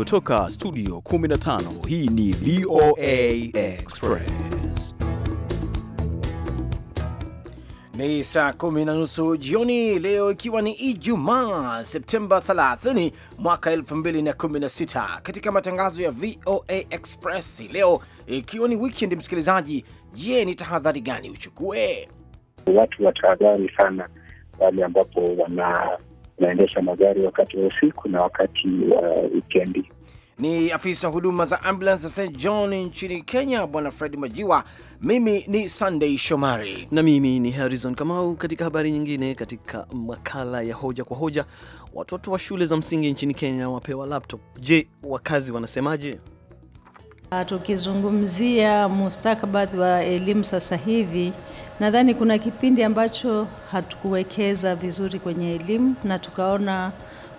Kutoka studio 15 hii ni VOA Express. Ni saa kumi na nusu jioni leo, ikiwa ni Ijumaa Septemba 30 mwaka 2016. Katika matangazo ya VOA Express leo, ikiwa ni weekend, msikilizaji, je, ni tahadhari gani uchukue? Watu watahadhari sana wale ambapo wana, wanaendesha magari wakati wa usiku na wakati wa uh, wikendi ni afisa huduma za ambulance za St John nchini Kenya, bwana Fred Majiwa. Mimi ni Sunday Shomari na mimi ni Harrison Kamau. Katika habari nyingine, katika makala ya hoja kwa hoja, watoto wa shule za msingi nchini Kenya wapewa laptop. Je, wakazi wanasemaje? Ah, tukizungumzia mustakabali wa elimu sasa hivi, nadhani kuna kipindi ambacho hatukuwekeza vizuri kwenye elimu na tukaona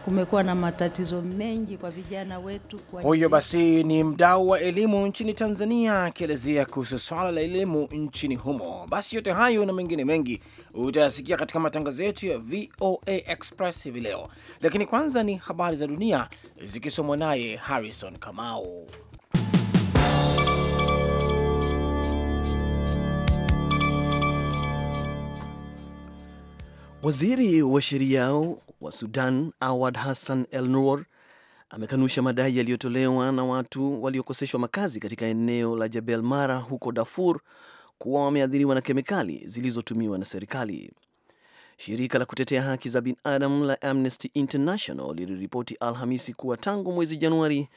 kumekuwa na matatizo mengi kwa vijana wetu. Huyo basi ni mdau wa elimu nchini Tanzania akielezea kuhusu swala la elimu nchini humo. Basi yote hayo na mengine mengi utayasikia katika matangazo yetu ya VOA Express hivi leo, lakini kwanza ni habari za dunia zikisomwa naye Harrison Kamau. Waziri wa sheria wa Sudan Awad Hassan El Nur amekanusha madai yaliyotolewa na watu waliokoseshwa makazi katika eneo la Jebel Mara huko Darfur kuwa wameathiriwa na kemikali zilizotumiwa na serikali. Shirika la kutetea haki za binadamu la Amnesty International liliripoti Alhamisi kuwa tangu mwezi Januari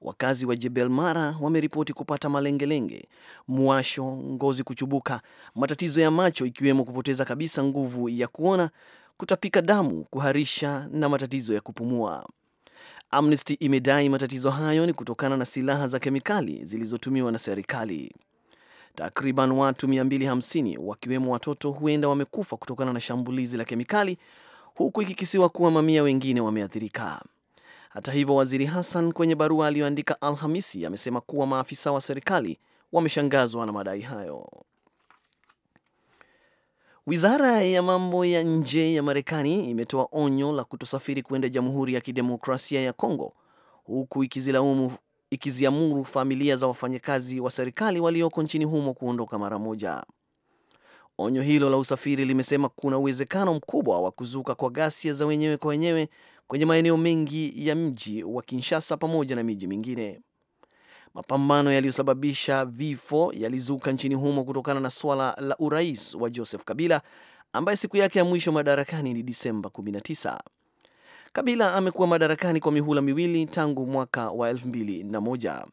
wakazi wa Jebel Mara wameripoti kupata malengelenge, mwasho, ngozi kuchubuka, matatizo ya macho ikiwemo kupoteza kabisa nguvu ya kuona kutapika damu, kuharisha na matatizo ya kupumua. Amnesty imedai matatizo hayo ni kutokana na silaha za kemikali zilizotumiwa na serikali. Takriban watu 250 wakiwemo watoto huenda wamekufa kutokana na shambulizi la kemikali, huku ikikisiwa kuwa mamia wengine wameathirika. Hata hivyo, waziri Hassan kwenye barua aliyoandika Alhamisi amesema kuwa maafisa wa serikali wameshangazwa na madai hayo. Wizara ya mambo ya nje ya Marekani imetoa onyo la kutosafiri kuenda Jamhuri ya Kidemokrasia ya Kongo, huku ikizilaumu ikiziamuru familia za wafanyakazi wa serikali walioko nchini humo kuondoka mara moja. Onyo hilo la usafiri limesema kuna uwezekano mkubwa wa kuzuka kwa ghasia za wenyewe kwa wenyewe kwenye maeneo mengi ya mji wa Kinshasa pamoja na miji mingine. Mapambano yaliyosababisha vifo yalizuka nchini humo kutokana na swala la urais wa Joseph Kabila ambaye siku yake ya mwisho madarakani ni Disemba 19. Kabila amekuwa madarakani kwa mihula miwili tangu mwaka wa 2001.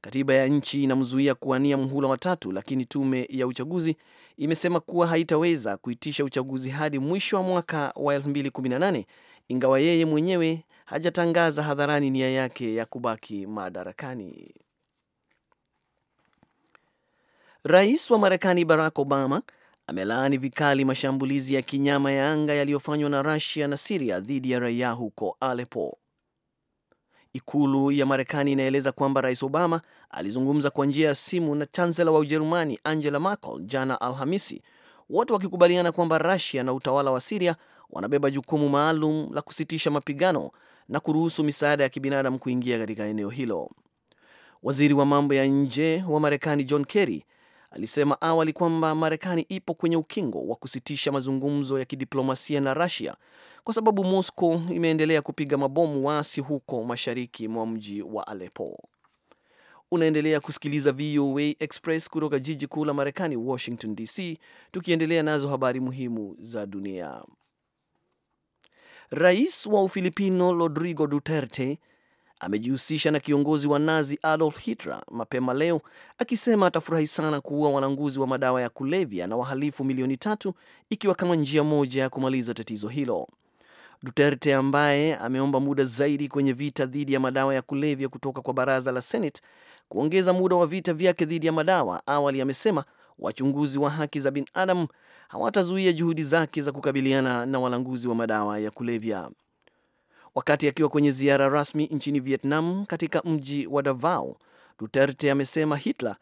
Katiba ya nchi inamzuia kuwania mhula watatu, lakini tume ya uchaguzi imesema kuwa haitaweza kuitisha uchaguzi hadi mwisho wa mwaka wa 2018 ingawa yeye mwenyewe hajatangaza hadharani nia yake ya kubaki madarakani. Rais wa Marekani Barack Obama amelaani vikali mashambulizi ya kinyama ya anga yaliyofanywa na rasia na Siria dhidi ya raia huko alepo Ikulu ya Marekani inaeleza kwamba Rais Obama alizungumza kwa njia ya simu na chansela wa Ujerumani Angela Merkel jana Alhamisi, wote wakikubaliana kwamba rasia na utawala wa Siria wanabeba jukumu maalum la kusitisha mapigano na kuruhusu misaada ya kibinadamu kuingia katika eneo hilo. Waziri wa mambo ya nje wa Marekani John Kerry alisema awali kwamba Marekani ipo kwenye ukingo wa kusitisha mazungumzo ya kidiplomasia na Russia kwa sababu Moscow imeendelea kupiga mabomu waasi huko mashariki mwa mji wa Aleppo. Unaendelea kusikiliza VOA Express kutoka jiji kuu la Marekani, Washington DC, tukiendelea nazo habari muhimu za dunia. Rais wa Ufilipino Rodrigo Duterte amejihusisha na kiongozi wa Nazi Adolf Hitler mapema leo akisema atafurahi sana kuua walanguzi wa madawa ya kulevya na wahalifu milioni tatu ikiwa kama njia moja ya kumaliza tatizo hilo. Duterte ambaye ameomba muda zaidi kwenye vita dhidi ya madawa ya kulevya kutoka kwa baraza la Senate kuongeza muda wa vita vyake dhidi ya madawa, awali amesema wachunguzi wa haki za binadamu hawatazuia juhudi zake za kukabiliana na walanguzi wa madawa ya kulevya. Wakati akiwa kwenye ziara rasmi nchini Vietnam katika mji wa Davao, Duterte amesema Hitler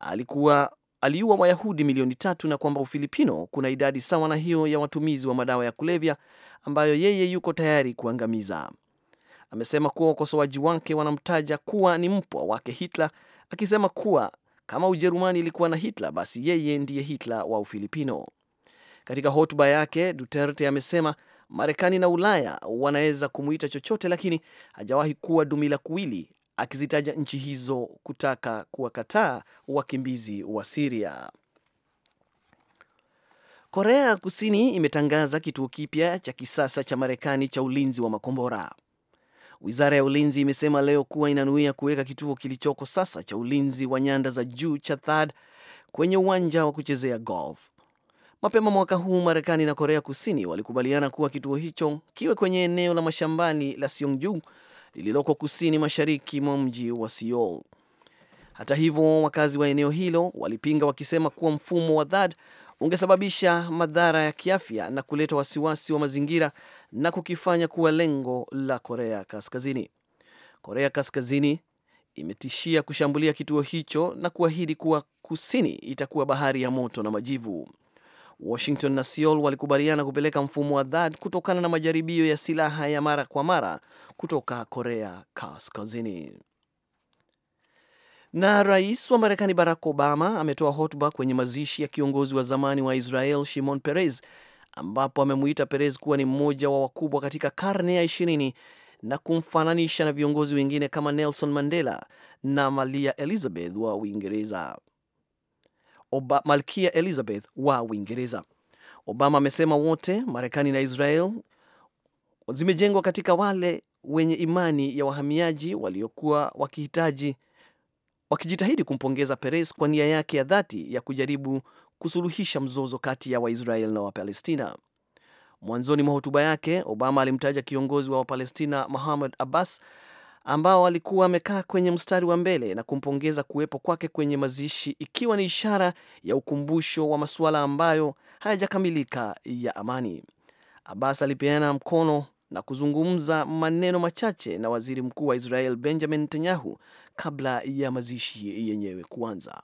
alikuwa aliua Wayahudi milioni tatu na kwamba Ufilipino kuna idadi sawa na hiyo ya watumizi wa madawa ya kulevya ambayo yeye yuko tayari kuangamiza. Amesema kuwa wakosoaji wake wanamtaja kuwa ni mpwa wake Hitler, akisema kuwa kama Ujerumani ilikuwa na Hitler basi yeye ndiye Hitler wa Ufilipino. Katika hotuba yake, Duterte amesema Marekani na Ulaya wanaweza kumuita chochote, lakini hajawahi kuwa dumila kuwili, akizitaja nchi hizo kutaka kuwakataa wakimbizi wa Siria. Korea ya Kusini imetangaza kituo kipya cha kisasa cha Marekani cha ulinzi wa makombora. Wizara ya ulinzi imesema leo kuwa inanuia kuweka kituo kilichoko sasa cha ulinzi wa nyanda za juu cha THAAD kwenye uwanja wa kuchezea golf. Mapema mwaka huu Marekani na Korea Kusini walikubaliana kuwa kituo hicho kiwe kwenye eneo la mashambani la Seongju lililoko kusini mashariki mwa mji wa Seoul. Hata hivyo, wakazi wa eneo hilo walipinga wakisema kuwa mfumo wa THAAD ungesababisha madhara ya kiafya na kuleta wasiwasi wa mazingira na kukifanya kuwa lengo la Korea Kaskazini. Korea Kaskazini imetishia kushambulia kituo hicho na kuahidi kuwa kusini itakuwa bahari ya moto na majivu. Washington na Seoul walikubaliana kupeleka mfumo wa THAAD kutokana na majaribio ya silaha ya mara kwa mara kutoka Korea Kaskazini. Na rais wa Marekani Barack Obama ametoa hotuba kwenye mazishi ya kiongozi wa zamani wa Israel Shimon Peres, ambapo amemuita Peres kuwa ni mmoja wa wakubwa katika karne ya ishirini na kumfananisha na viongozi wengine kama Nelson Mandela na malia Elizabeth wa Uingereza. Oba, Malkia Elizabeth wa Uingereza. Obama amesema wote Marekani na Israel zimejengwa katika wale wenye imani ya wahamiaji waliokuwa wakihitaji wakijitahidi kumpongeza Peres kwa nia yake ya dhati ya kujaribu kusuluhisha mzozo kati ya Waisrael na Wapalestina. Mwanzoni mwa hotuba yake, Obama alimtaja kiongozi wa Wapalestina Muhammad Abbas ambao alikuwa amekaa kwenye mstari wa mbele na kumpongeza kuwepo kwake kwenye mazishi, ikiwa ni ishara ya ukumbusho wa masuala ambayo hayajakamilika ya amani. Abbas alipeana mkono na kuzungumza maneno machache na waziri mkuu wa Israel Benjamin Netanyahu kabla ya mazishi yenyewe kuanza.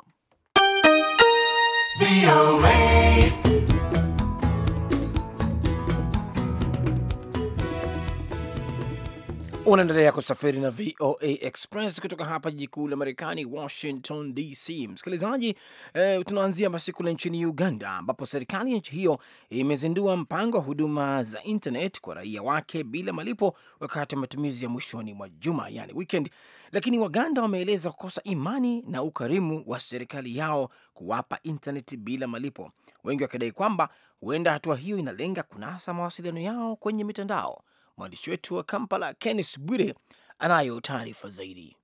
Unaendelea kusafiri na VOA Express kutoka hapa jiji kuu la Marekani, Washington DC. Msikilizaji eh, tunaanzia basi kule nchini Uganda, ambapo serikali ya nchi hiyo imezindua mpango wa huduma za internet kwa raia wake bila malipo wakati wa matumizi ya mwishoni mwa juma, yani weekend. Lakini Waganda wameeleza kukosa imani na ukarimu wa serikali yao kuwapa internet bila malipo, wengi wakidai kwamba huenda hatua hiyo inalenga kunasa mawasiliano yao kwenye mitandao. Mwandishi wetu wa Kampala, Kennis Bwire, anayo taarifa zaidi.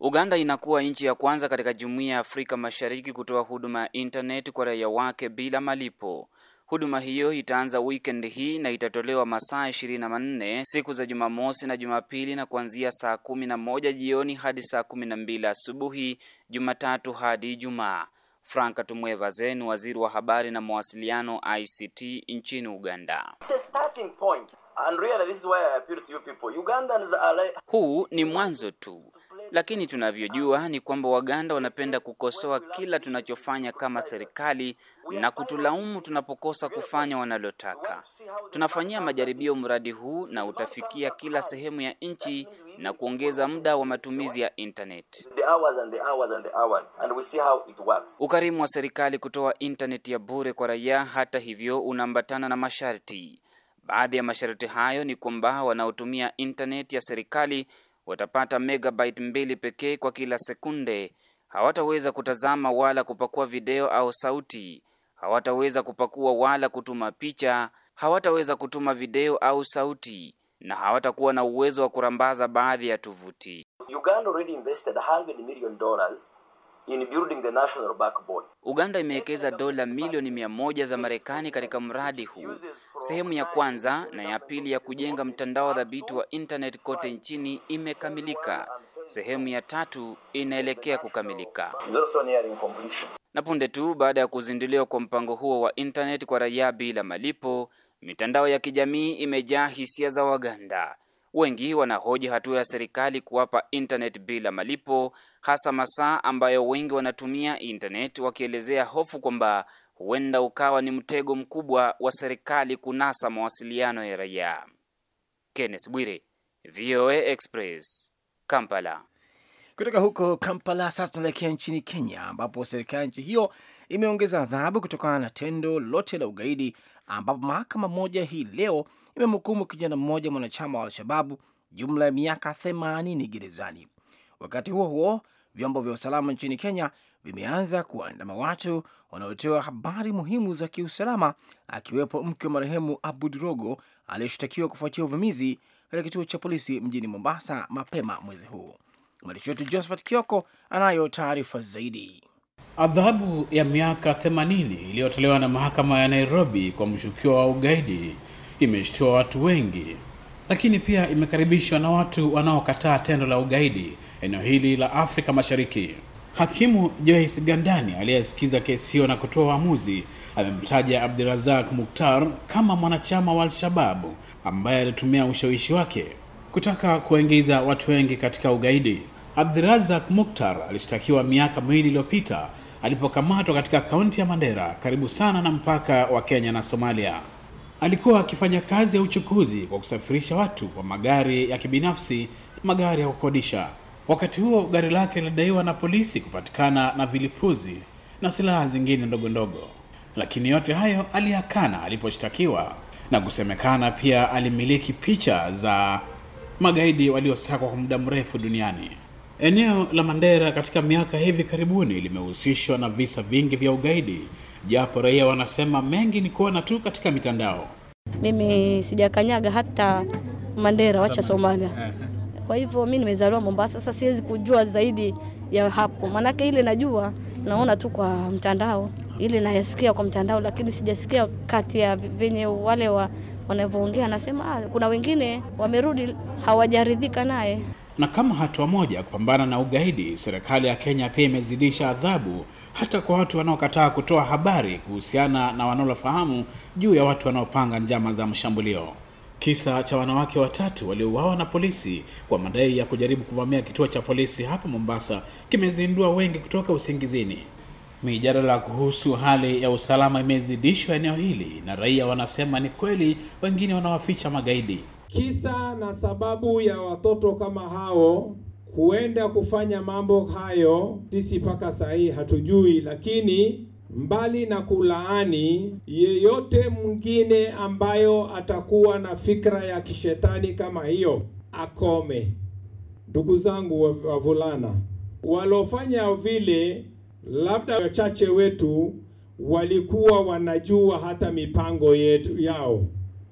Uganda inakuwa nchi ya kwanza katika jumuiya ya Afrika Mashariki kutoa huduma ya intaneti kwa raia wake bila malipo. Huduma hiyo itaanza wikend hii na itatolewa masaa 24 manne siku za Jumamosi na Jumapili, na kuanzia saa kumi na moja jioni hadi saa kumi na mbili asubuhi Jumatatu hadi Ijumaa. Frank Tumwebaze ni waziri wa habari na mawasiliano ICT nchini Uganda. Huu ni mwanzo tu. Lakini tunavyojua ni kwamba Waganda wanapenda kukosoa kila tunachofanya kama serikali na kutulaumu tunapokosa kufanya wanalotaka. Tunafanyia majaribio mradi huu na utafikia kila sehemu ya nchi na kuongeza muda wa matumizi ya internet. Ukarimu wa serikali kutoa internet ya bure kwa raia, hata hivyo, unaambatana na masharti. Baadhi ya masharti hayo ni kwamba wanaotumia intaneti ya serikali watapata megabyte mbili pekee kwa kila sekunde. Hawataweza kutazama wala kupakua video au sauti. Hawataweza kupakua wala kutuma picha. Hawataweza kutuma video au sauti na hawatakuwa na uwezo wa kurambaza baadhi ya tovuti. Uganda imewekeza dola milioni mia moja za Marekani katika mradi huu Sehemu ya kwanza na ya pili ya kujenga mtandao dhabiti wa internet kote nchini imekamilika. Sehemu ya tatu inaelekea kukamilika. Na punde tu baada ya kuzinduliwa kwa mpango huo wa internet kwa raia bila malipo, mitandao ya kijamii imejaa hisia za Waganda. Wengi wanahoji hatua ya serikali kuwapa internet bila malipo, hasa masaa ambayo wengi wanatumia internet, wakielezea hofu kwamba huenda ukawa ni mtego mkubwa wa serikali kunasa mawasiliano ya raia. Kenneth Bwire, VOA Express, Kampala. Kutoka huko Kampala sasa tunaelekea nchini Kenya, ambapo serikali ya nchi hiyo imeongeza adhabu kutokana na tendo lote la ugaidi, ambapo mahakama moja hii leo imemhukumu kijana mmoja mwanachama wa Al-Shababu jumla ya miaka 80 gerezani. Wakati huo huo, vyombo vya usalama nchini Kenya vimeanza kuwaandama watu wanaotoa habari muhimu za kiusalama, akiwepo mke wa marehemu Abud Rogo aliyeshtakiwa kufuatia uvamizi katika kituo cha polisi mjini Mombasa mapema mwezi huu. Mwandishi wetu Josephat Kioko anayo taarifa zaidi. Adhabu ya miaka 80 iliyotolewa na mahakama ya Nairobi kwa mshukiwa wa ugaidi imeshtua watu wengi lakini pia imekaribishwa na watu wanaokataa tendo la ugaidi eneo hili la Afrika Mashariki. Hakimu Joyce Gandani aliyesikiza kesi hiyo na kutoa uamuzi amemtaja Abdirazak Muktar kama mwanachama wa Al-Shababu ambaye alitumia ushawishi wake kutaka kuwaingiza watu wengi katika ugaidi. Abdirazak Muktar alishtakiwa miaka miwili iliyopita alipokamatwa katika kaunti ya Mandera karibu sana na mpaka wa Kenya na Somalia alikuwa akifanya kazi ya uchukuzi kwa kusafirisha watu kwa magari ya kibinafsi, magari ya kukodisha. Wakati huo gari lake linadaiwa na polisi kupatikana na vilipuzi na silaha zingine ndogo ndogo, lakini yote hayo aliyakana aliposhtakiwa na kusemekana pia alimiliki picha za magaidi waliosakwa kwa muda mrefu duniani. Eneo la Mandera katika miaka hivi karibuni limehusishwa na visa vingi vya ugaidi japo raia wanasema mengi ni kuona tu katika mitandao. Mimi sijakanyaga hata Mandera, wacha Somalia. Kwa hivyo mi nimezaliwa Mombasa, sasa siwezi kujua zaidi ya hapo, maanake ile najua naona tu kwa mtandao, ile nayasikia kwa mtandao, lakini sijasikia kati ya venye wale wa wanavyoongea. Anasema ah, kuna wengine wamerudi hawajaridhika naye. Na kama hatua moja kupambana na ugaidi, serikali ya Kenya pia imezidisha adhabu hata kwa watu wanaokataa kutoa habari kuhusiana na wanalofahamu juu ya watu wanaopanga njama za mshambulio. Kisa cha wanawake watatu waliouawa na polisi kwa madai ya kujaribu kuvamia kituo cha polisi hapa Mombasa kimezindua wengi kutoka usingizini. Mijadala kuhusu hali ya usalama imezidishwa eneo hili, na raia wanasema ni kweli wengine wanawaficha magaidi. Kisa na sababu ya watoto kama hao huenda kufanya mambo hayo, sisi mpaka saa hii hatujui, lakini mbali na kulaani yeyote mwingine ambayo atakuwa na fikra ya kishetani kama hiyo akome. Ndugu zangu wavulana, walofanya vile, labda wachache wetu walikuwa wanajua hata mipango yetu yao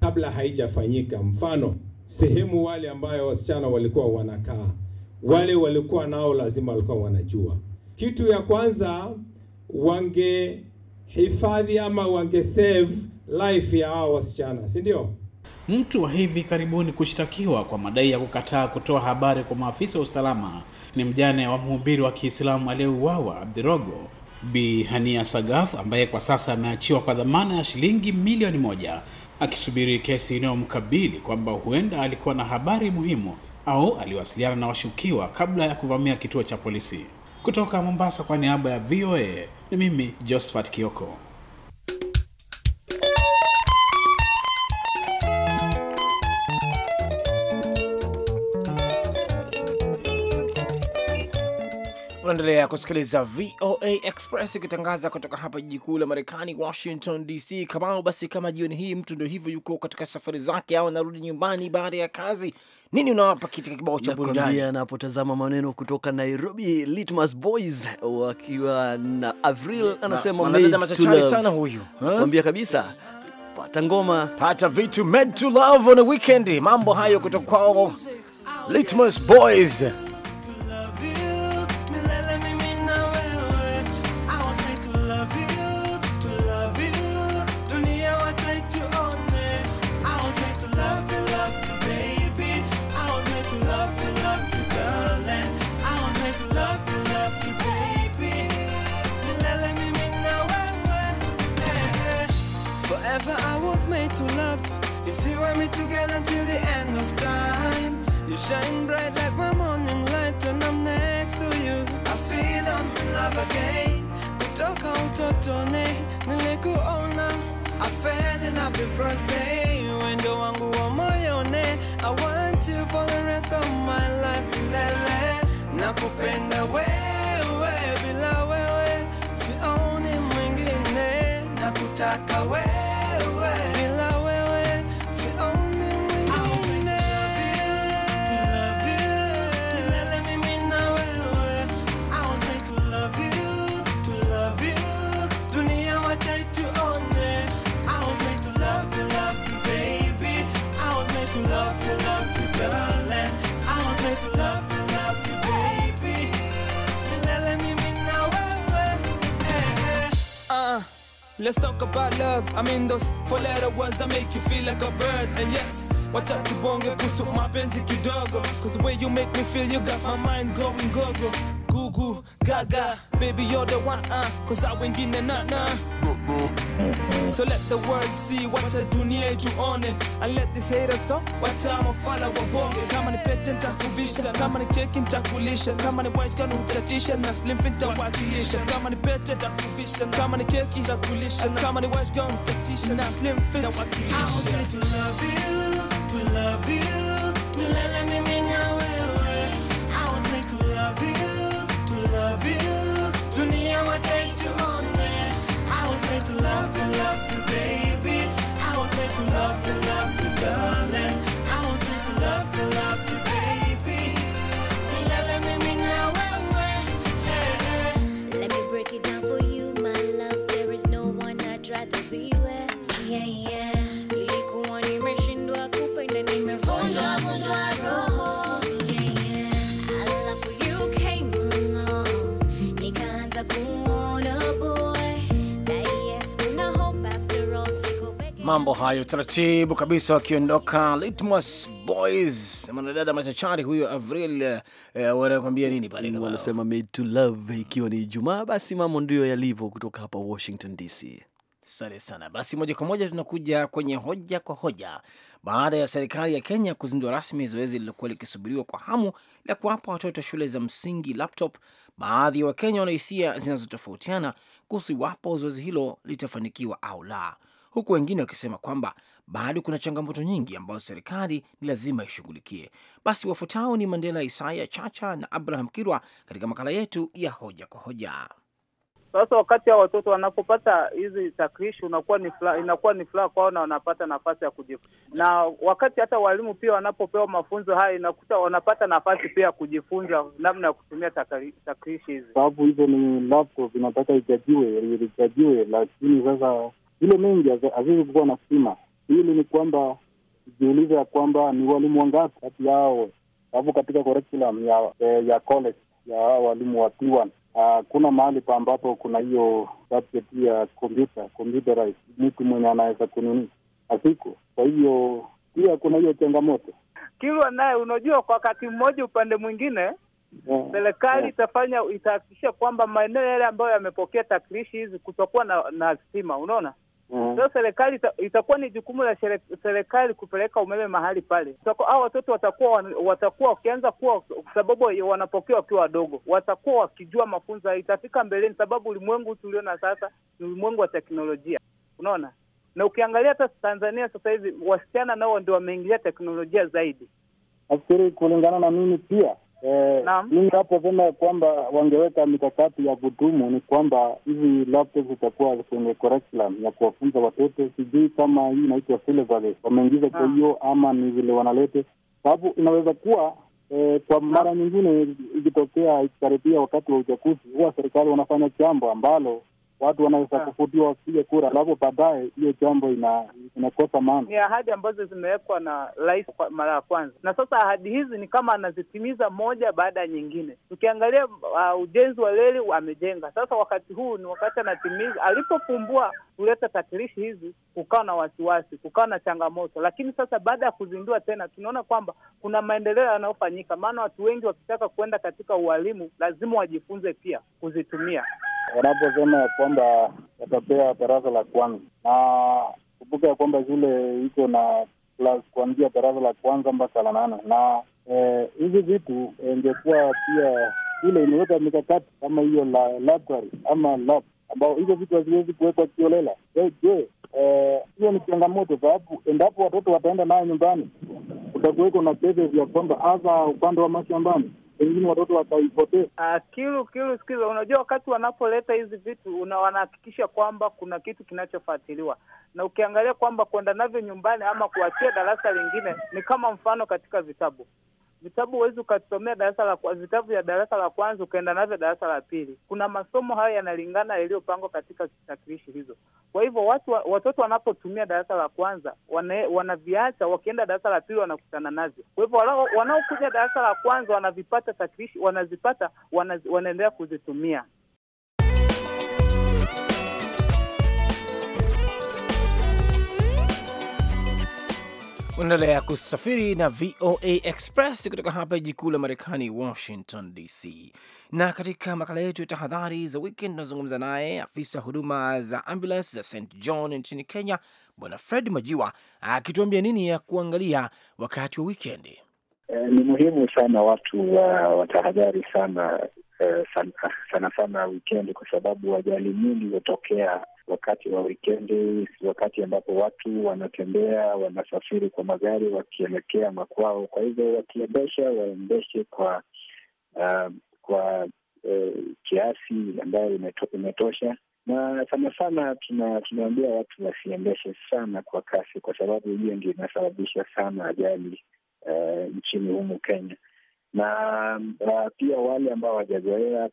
kabla haijafanyika. Mfano, sehemu wale ambayo wasichana walikuwa wanakaa, wale walikuwa nao lazima walikuwa wanajua. Kitu ya kwanza wangehifadhi ama save life ya hao wasichana, si ndio? Mtu wa hivi karibuni kushtakiwa kwa madai ya kukataa kutoa habari kwa maafisa wa usalama ni mjane wa mhubiri wa Kiislamu aliyeuawa Abdirogo Bi Hania Sagaf ambaye kwa sasa ameachiwa kwa dhamana ya shilingi milioni moja akisubiri kesi inayomkabili kwamba huenda alikuwa na habari muhimu au aliwasiliana na washukiwa kabla ya kuvamia kituo cha polisi. Kutoka Mombasa, kwa niaba ya VOA ni mimi Josephat Kioko. unaendelea kusikiliza VOA Express ikitangaza kutoka hapa jiji kuu la Marekani, Washington DC. Kamao basi, kama jioni hii mtu ndo hivyo yuko katika safari zake au anarudi nyumbani baada ya kazi, nini unawapa kitika kibao cha burudani? Anapotazama maneno kutoka Nairobi, Litmus Boys wakiwa na Avril anasema sana huyu, kwambia kabisa pata ngoma, pata vitu made to love on a weekend. Mambo hayo kutoka kwao Litmus Boys. and the end of time. You shine bright like my morning light when I'm next to you. I feel I'm in love again. kutoka utotoni nilikuona I fell in love the first day when do wendo wangu wa moyone I want you for the rest of my life milele nakupenda wewe bila wewe sioni mwingine nakutaka wewe Let's talk about love. I mean those four letter words that make you feel like a bird. And yes, watch out wacha tubonge kuhusu mapenzi kidogo. Cause the way you make me feel, you got my mind going gogo. Gugu, gaga, baby you're the one uh. Cause I wengine na nah. So let the world see what wacha dunia it, and let these haters talk, wacha mafala and Kama ni pete nitakuvisha, kama and keki nitakulisha, kama ni white and utatisha na slim fit nitawakilisha. Kama ni pete nitakuvisha, kama ni keki nitakulisha, kama ni white kan utatisha na slim fit nitawakilisha. I was made to love you, to love you, milele mimi was meant to love, to love you, baby. I was meant to love, to love you, darling. Mambo hayo taratibu kabisa, wakiondoka Litmus Boys, mwanadada machachari huyo Avril. Eh, wanakwambia nini pale? Wanasema made to love. Ikiwa ni Ijumaa, basi mambo ndiyo yalivyo kutoka hapa Washington DC. sante sana. Basi moja kwa moja tunakuja kwenye hoja kwa hoja. Baada ya serikali ya Kenya kuzindua rasmi zoezi lilokuwa likisubiriwa kwa hamu la kuwapa watoto shule za msingi laptop, baadhi ya Wakenya wanahisia zinazotofautiana kuhusu iwapo zoezi hilo litafanikiwa au la huku wengine wakisema kwamba bado kuna changamoto nyingi ambazo serikali ni lazima ishughulikie. Basi wafutao ni Mandela Isaya Chacha na Abraham Kirwa katika makala yetu ya hoja kwa hoja. Sasa wakati hao watoto wanapopata hizi takrishi, unakuwa ni furaha, inakuwa ni furaha kwao na wanapata nafasi ya kujifunza, na wakati hata walimu pia wanapopewa mafunzo haya, inakuta wanapata nafasi pia ya kujifunza namna ya kutumia takrishi hizi, sababu hizo ni laptop inataka ijajiwe, ijajiwe, lakini sasa hilo mengi azizi kuwa na stima. Hili ni kwamba jiuliza ya kwamba ni walimu wangapi kati yao, alafu katika curriculum ya e, ya college ya walimu wa p ah, kuna mahali pa ambapo kuna hiyo subject ya computer computerized, mtu mwenye anaweza kunini asiku. Kwa hivyo pia kuna hiyo changamoto Kilwa naye, unajua kwa wakati mmoja, upande mwingine eh, serikali yeah, itafanya itahakikisha kwamba maeneo yale ambayo yamepokea tarakilishi hizi kutakuwa na, na stima, unaona Mm. Sasa serikali itakuwa ni jukumu la serikali kupeleka umeme mahali pale. Hao watoto watakuwa watakuwa wakianza kuwa, sababu wanapokea wakiwa wadogo, watakuwa wakijua mafunzo, itafika mbeleni, sababu ulimwengu tulio na sasa ni ulimwengu wa teknolojia, unaona. Na ukiangalia hata Tanzania sasa hivi wasichana nao ndio wameingilia teknolojia zaidi. Nafikiri kulingana na mimi pia Eh, mimi naposema kwamba wangeweka mikakati ya kudumu ni kwamba hizi laptops zitakuwa kwenye curriculum ya kuwafunza watoto. Sijui kama hii inaitwa syllabus wameingiza kwa hiyo ama ni vile wanalete, sababu inaweza kuwa eh, kwa mara nyingine ikitokea ikikaribia wakati wa uchaguzi, huwa serikali wanafanya jambo ambalo watu wanaweza ah. kufudiwa wasipige kura, alafu baadaye hiyo jambo ina, inakosa maana. Ni ahadi ambazo zimewekwa na rais mara ya kwanza, na sasa ahadi hizi ni kama anazitimiza moja baada ya nyingine. Tukiangalia uh, ujenzi wa reli amejenga, sasa wakati huu ni wakati anatimiza. Alipopumbua kuleta takirishi hizi, kukawa na wasiwasi, kukawa na changamoto, lakini sasa baada ya kuzindua tena tunaona kwamba kuna maendeleo yanayofanyika, maana watu wengi wakitaka kuenda katika ualimu lazima wajifunze pia kuzitumia wanaposema ya kwamba watapea darasa la kwanza, na kumbuka ya kwamba shule iko na klas kuanzia darasa la kwanza mpaka la nane, na eh, hizi vitu eh, ingekuwa pia shule imeweka mikakati kama hiyo la library ama lab ambao hizo vitu haziwezi kuwekwa kiolela. Je, eh, hiyo ni changamoto, sababu endapo watoto wataenda nayo nyumbani, kutakuweko na kesi ya kwamba hasa upande wa mashambani pengine watoto wataipoteza. Ah, kilu Kilu, sikiza, unajua wakati wanapoleta hizi vitu una wanahakikisha kwamba kuna kitu kinachofuatiliwa, na ukiangalia kwamba kwenda navyo nyumbani ama kuachia darasa lingine ni kama mfano katika vitabu vitabu huwezi ukasomea darasa la vitabu vya darasa la kwanza ukaenda navyo darasa la pili. Kuna masomo hayo yanalingana yaliyopangwa katika vitakilishi hizo. Kwa hivyo watu, watoto wanapotumia darasa la kwanza wana, wanaviacha wakienda darasa la pili wanakutana navyo. Kwa hivyo wanaokuja darasa la kwanza wanavipata takilishi, wanazipata, wanaendelea kuzitumia. Unaendelea kusafiri na VOA Express kutoka hapa jiji kuu la Marekani, Washington DC. Na katika makala yetu ya tahadhari za wikend, tunazungumza naye afisa huduma za ambulance za St John nchini Kenya, Bwana Fred Majiwa, akituambia nini ya kuangalia wakati wa wikendi. E, eh, ni muhimu sana watu wa watahadhari sana eh, sana, sana wikendi, kwa sababu ajali nyingi hutokea wakati wa wikendi, wakati ambapo watu wanatembea, wanasafiri kwa magari wakielekea makwao. Kwa hivyo wakiendesha, waendeshe kwa uh, kwa uh, kiasi ambayo imetosha na sana sana tuna, tunaambia watu wasiendeshe sana kwa kasi, kwa sababu hiyo ndio inasababisha sana ajali uh, nchini humu Kenya na uh, pia wale ambao hawajazoea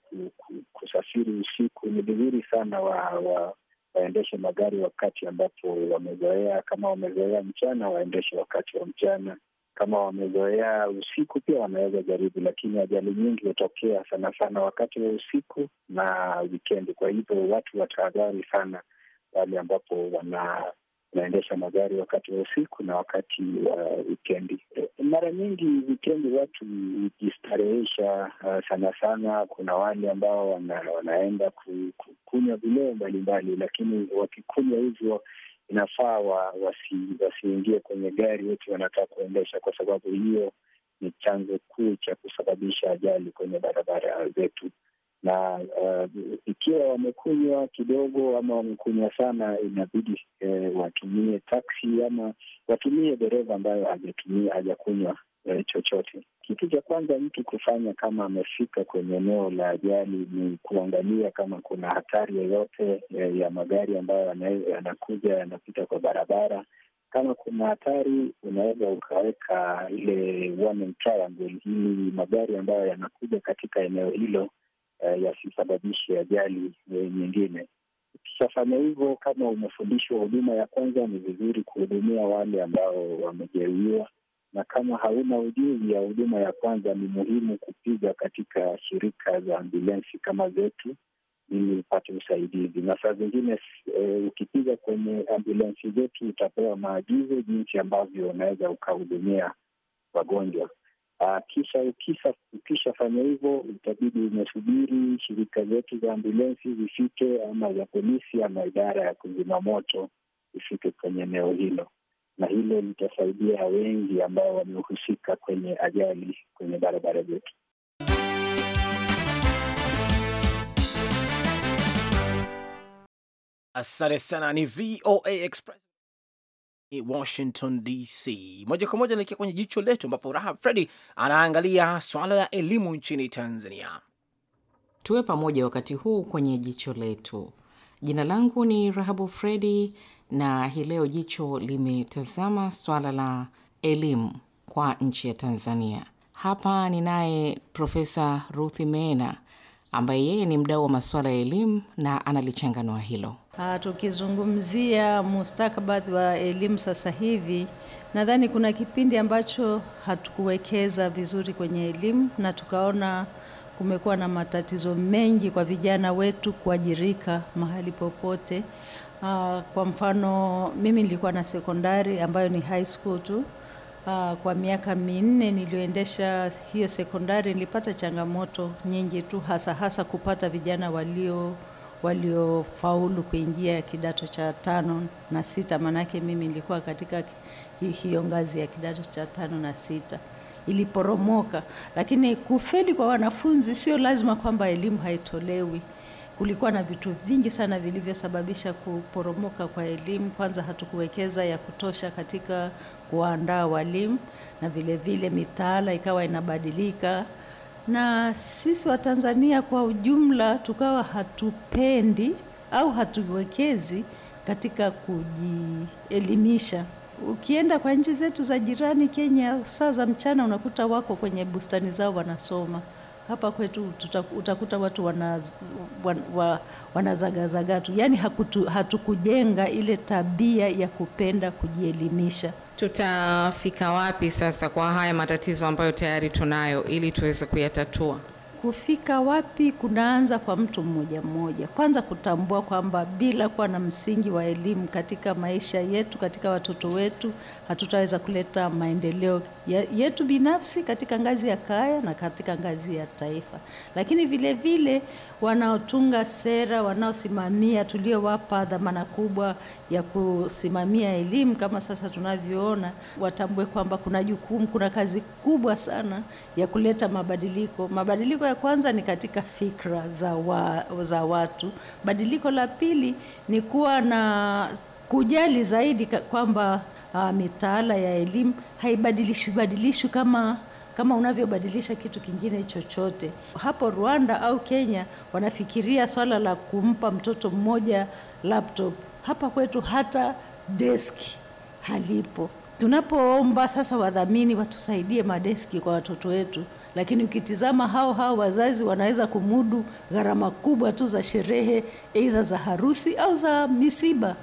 kusafiri usiku ni vizuri sana wa, wa, waendeshe magari wakati ambapo wamezoea. Kama wamezoea mchana, waendeshe wakati wa mchana. Kama wamezoea usiku, pia wanaweza jaribu, lakini ajali nyingi hutokea sana sana wakati wa usiku na wikendi. Kwa hivyo watu watahadhari sana wale ambapo wana unaendesha magari wakati wa usiku na wakati wa wikendi. Eh, mara nyingi wikendi watu hujistarehesha ah, sana sana. Kuna wale ambao wana, wanaenda kukunywa vileo mbalimbali, lakini wakikunywa hivyo inafaa wa, wasiingie wasi kwenye gari eti wanataka kuendesha, kwa sababu hiyo ni chanzo kuu cha kusababisha ajali kwenye barabara zetu na uh, ikiwa wamekunywa kidogo ama wamekunywa sana, inabidi eh, watumie taksi ama watumie dereva ambayo hajatumia hajakunywa eh, chochote. Kitu cha kwanza mtu kufanya kama amefika kwenye eneo la ajali ni kuangalia kama kuna hatari yoyote eh, ya magari ambayo yanakuja yanapita kwa barabara. Kama kuna hatari, unaweza ukaweka ile warning triangle, ili magari ambayo yanakuja katika eneo hilo uh, yasisababishe ajali ya eh, nyingine. Ukishafanya hivyo, kama umefundishwa huduma ya kwanza, ni vizuri kuhudumia wale ambao wamejeruhiwa, na kama hauna ujuzi ya huduma ya kwanza, ni muhimu kupiga katika shirika za ambulensi kama zetu ili upate usaidizi. Na saa zingine e, ukipiga kwenye ambulensi zetu utapewa maagizo jinsi ambavyo unaweza ukahudumia wagonjwa. Uh, kisha ukisha ukishafanya hivyo itabidi umesubiri shirika zetu za ambulensi zifike ama za polisi ama idara ya kuzima moto ifike kwenye eneo hilo, na hilo litasaidia wengi ambao wamehusika kwenye ajali kwenye barabara zetu. Asante sana, ni VOA Express. Washington DC. Moja kwa moja naelekea kwenye jicho letu, ambapo Rahab Fredi anaangalia swala la elimu nchini Tanzania. Tuwe pamoja wakati huu kwenye jicho letu. Jina langu ni Rahabu Fredi na hii leo jicho limetazama swala la elimu kwa nchi ya Tanzania. Hapa ninaye Profesa Ruthi Meena ambaye yeye ni mdau wa masuala ya elimu na analichanganua hilo. Uh, tukizungumzia mustakabali wa elimu sasa hivi, nadhani kuna kipindi ambacho hatukuwekeza vizuri kwenye elimu na tukaona kumekuwa na matatizo mengi kwa vijana wetu kuajirika mahali popote. Uh, kwa mfano mimi nilikuwa na sekondari ambayo ni high school tu. Uh, kwa miaka minne niliyoendesha hiyo sekondari nilipata changamoto nyingi tu, hasa hasa kupata vijana walio waliofaulu kuingia kidato cha tano na sita, maanake mimi nilikuwa katika hiyo ngazi ya kidato cha tano na sita iliporomoka. Lakini kufeli kwa wanafunzi sio lazima kwamba elimu haitolewi. Kulikuwa na vitu vingi sana vilivyosababisha kuporomoka kwa elimu. Kwanza, hatukuwekeza ya kutosha katika kuwaandaa walimu, na vilevile vile mitaala ikawa inabadilika na sisi Watanzania kwa ujumla tukawa hatupendi au hatuwekezi katika kujielimisha. Ukienda kwa nchi zetu za jirani Kenya, saa za mchana unakuta wako kwenye bustani zao wanasoma hapa kwetu utakuta watu wanazagazaga tu, yaani hatukujenga ile tabia ya kupenda kujielimisha. Tutafika wapi sasa kwa haya matatizo ambayo tayari tunayo ili tuweze kuyatatua? Kufika wapi kunaanza kwa mtu mmoja mmoja, kwanza kutambua kwamba bila kuwa na msingi wa elimu katika maisha yetu, katika watoto wetu, hatutaweza kuleta maendeleo yetu binafsi katika ngazi ya kaya na katika ngazi ya taifa, lakini vile vile wanaotunga sera, wanaosimamia, tuliowapa dhamana kubwa ya kusimamia elimu kama sasa tunavyoona, watambue kwamba kuna jukumu, kuna kazi kubwa sana ya kuleta mabadiliko. Mabadiliko ya kwanza ni katika fikra za, wa, za watu. Badiliko la pili ni kuwa na kujali zaidi kwamba uh, mitaala ya elimu haibadilishwi badilishwi kama kama unavyobadilisha kitu kingine chochote. Hapo Rwanda au Kenya wanafikiria swala la kumpa mtoto mmoja laptop. Hapa kwetu hata deski halipo. Tunapoomba sasa wadhamini watusaidie madeski kwa watoto wetu, lakini ukitizama hao hao wazazi wanaweza kumudu gharama kubwa tu za sherehe, aidha za harusi au za misiba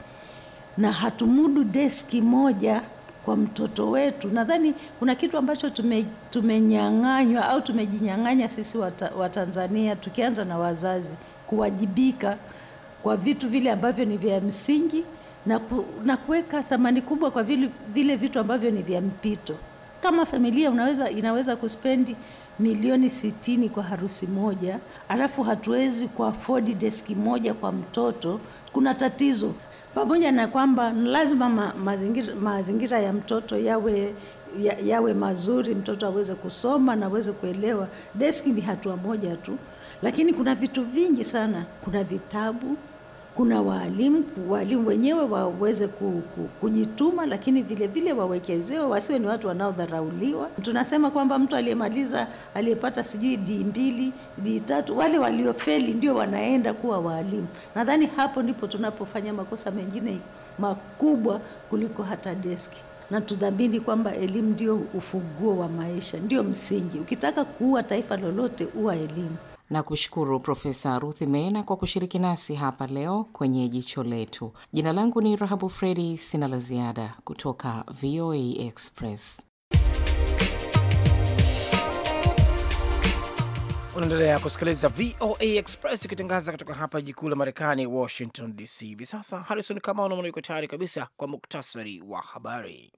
na hatumudu deski moja kwa mtoto wetu. Nadhani kuna kitu ambacho tume, tumenyang'anywa au tumejinyang'anya sisi Watanzania wa tukianza na wazazi kuwajibika kwa vitu vile ambavyo ni vya msingi na, ku, na kuweka thamani kubwa kwa vile, vile vitu ambavyo ni vya mpito. Kama familia unaweza, inaweza kuspendi milioni sitini kwa harusi moja, alafu hatuwezi kuafodi deski moja kwa mtoto, kuna tatizo pamoja na kwamba lazima ma, mazingira, mazingira ya mtoto yawe ya, yawe mazuri, mtoto aweze kusoma na aweze kuelewa. Deski ni hatua moja tu, lakini kuna vitu vingi sana. Kuna vitabu kuna waalimu, waalimu wenyewe waweze kujituma, lakini vilevile wawekezewe, wasiwe ni watu wanaodharauliwa. Tunasema kwamba mtu aliyemaliza aliyepata sijui D mbili D tatu, wale waliofeli ndio wanaenda kuwa waalimu. Nadhani hapo ndipo tunapofanya makosa mengine makubwa kuliko hata deski na tudhamini kwamba elimu ndio ufunguo wa maisha, ndio msingi. Ukitaka kuua taifa lolote, uwa elimu na kushukuru Profesa Ruthi Meena kwa kushiriki nasi hapa leo kwenye jicho letu. Jina langu ni Rahabu Fredi, sina la ziada kutoka VOA Express. Unaendelea kusikiliza VOA Express ikitangaza kutoka hapa jikuu la Marekani, Washington DC. Hivi sasa Harrison Kamau yuko tayari kabisa kwa muktasari wa habari.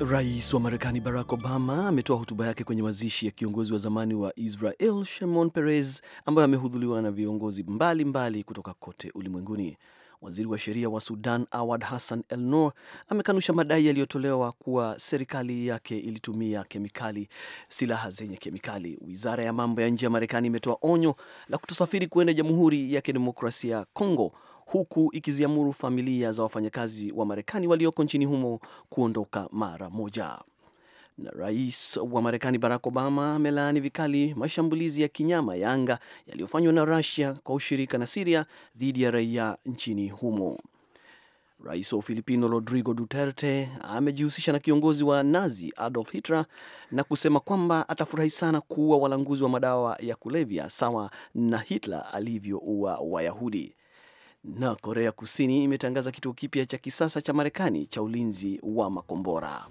Rais wa Marekani Barack Obama ametoa hotuba yake kwenye mazishi ya kiongozi wa zamani wa Israel Shimon Peres ambayo amehudhuliwa na viongozi mbalimbali mbali kutoka kote ulimwenguni. Waziri wa sheria wa Sudan Awad Hassan El Nor amekanusha madai yaliyotolewa kuwa serikali yake ilitumia kemikali silaha zenye kemikali. Wizara ya mambo ya nje ya Marekani imetoa onyo la kutosafiri kuenda Jamhuri ya Kidemokrasia ya Kongo huku ikiziamuru familia za wafanyakazi wa Marekani walioko nchini humo kuondoka mara moja. Na rais wa Marekani Barack Obama amelaani vikali mashambulizi ya kinyama ya anga yaliyofanywa na rasia kwa ushirika na Siria dhidi ya raia nchini humo. Rais wa Ufilipino Rodrigo Duterte amejihusisha na kiongozi wa Nazi Adolf Hitler na kusema kwamba atafurahi sana kuua walanguzi wa madawa ya kulevya sawa na Hitler alivyoua Wayahudi. Na Korea Kusini imetangaza kituo kipya cha kisasa cha Marekani cha ulinzi wa makombora.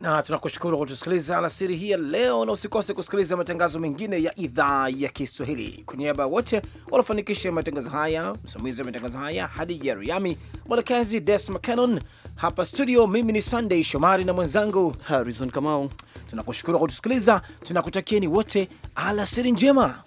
Na tunakushukuru kwa kutusikiliza alasiri hii ya leo, na usikose kusikiliza matangazo mengine ya idhaa ya Kiswahili. Kwa niaba ya wote waliofanikisha matangazo haya, msimamizi wa matangazo haya hadi Jeriami, mwelekezi Des Mcanon hapa studio. Mimi ni Sunday Shomari na mwenzangu Harrison Kamau, tunakushukuru kwa kutusikiliza. Tunakutakieni wote alasiri njema.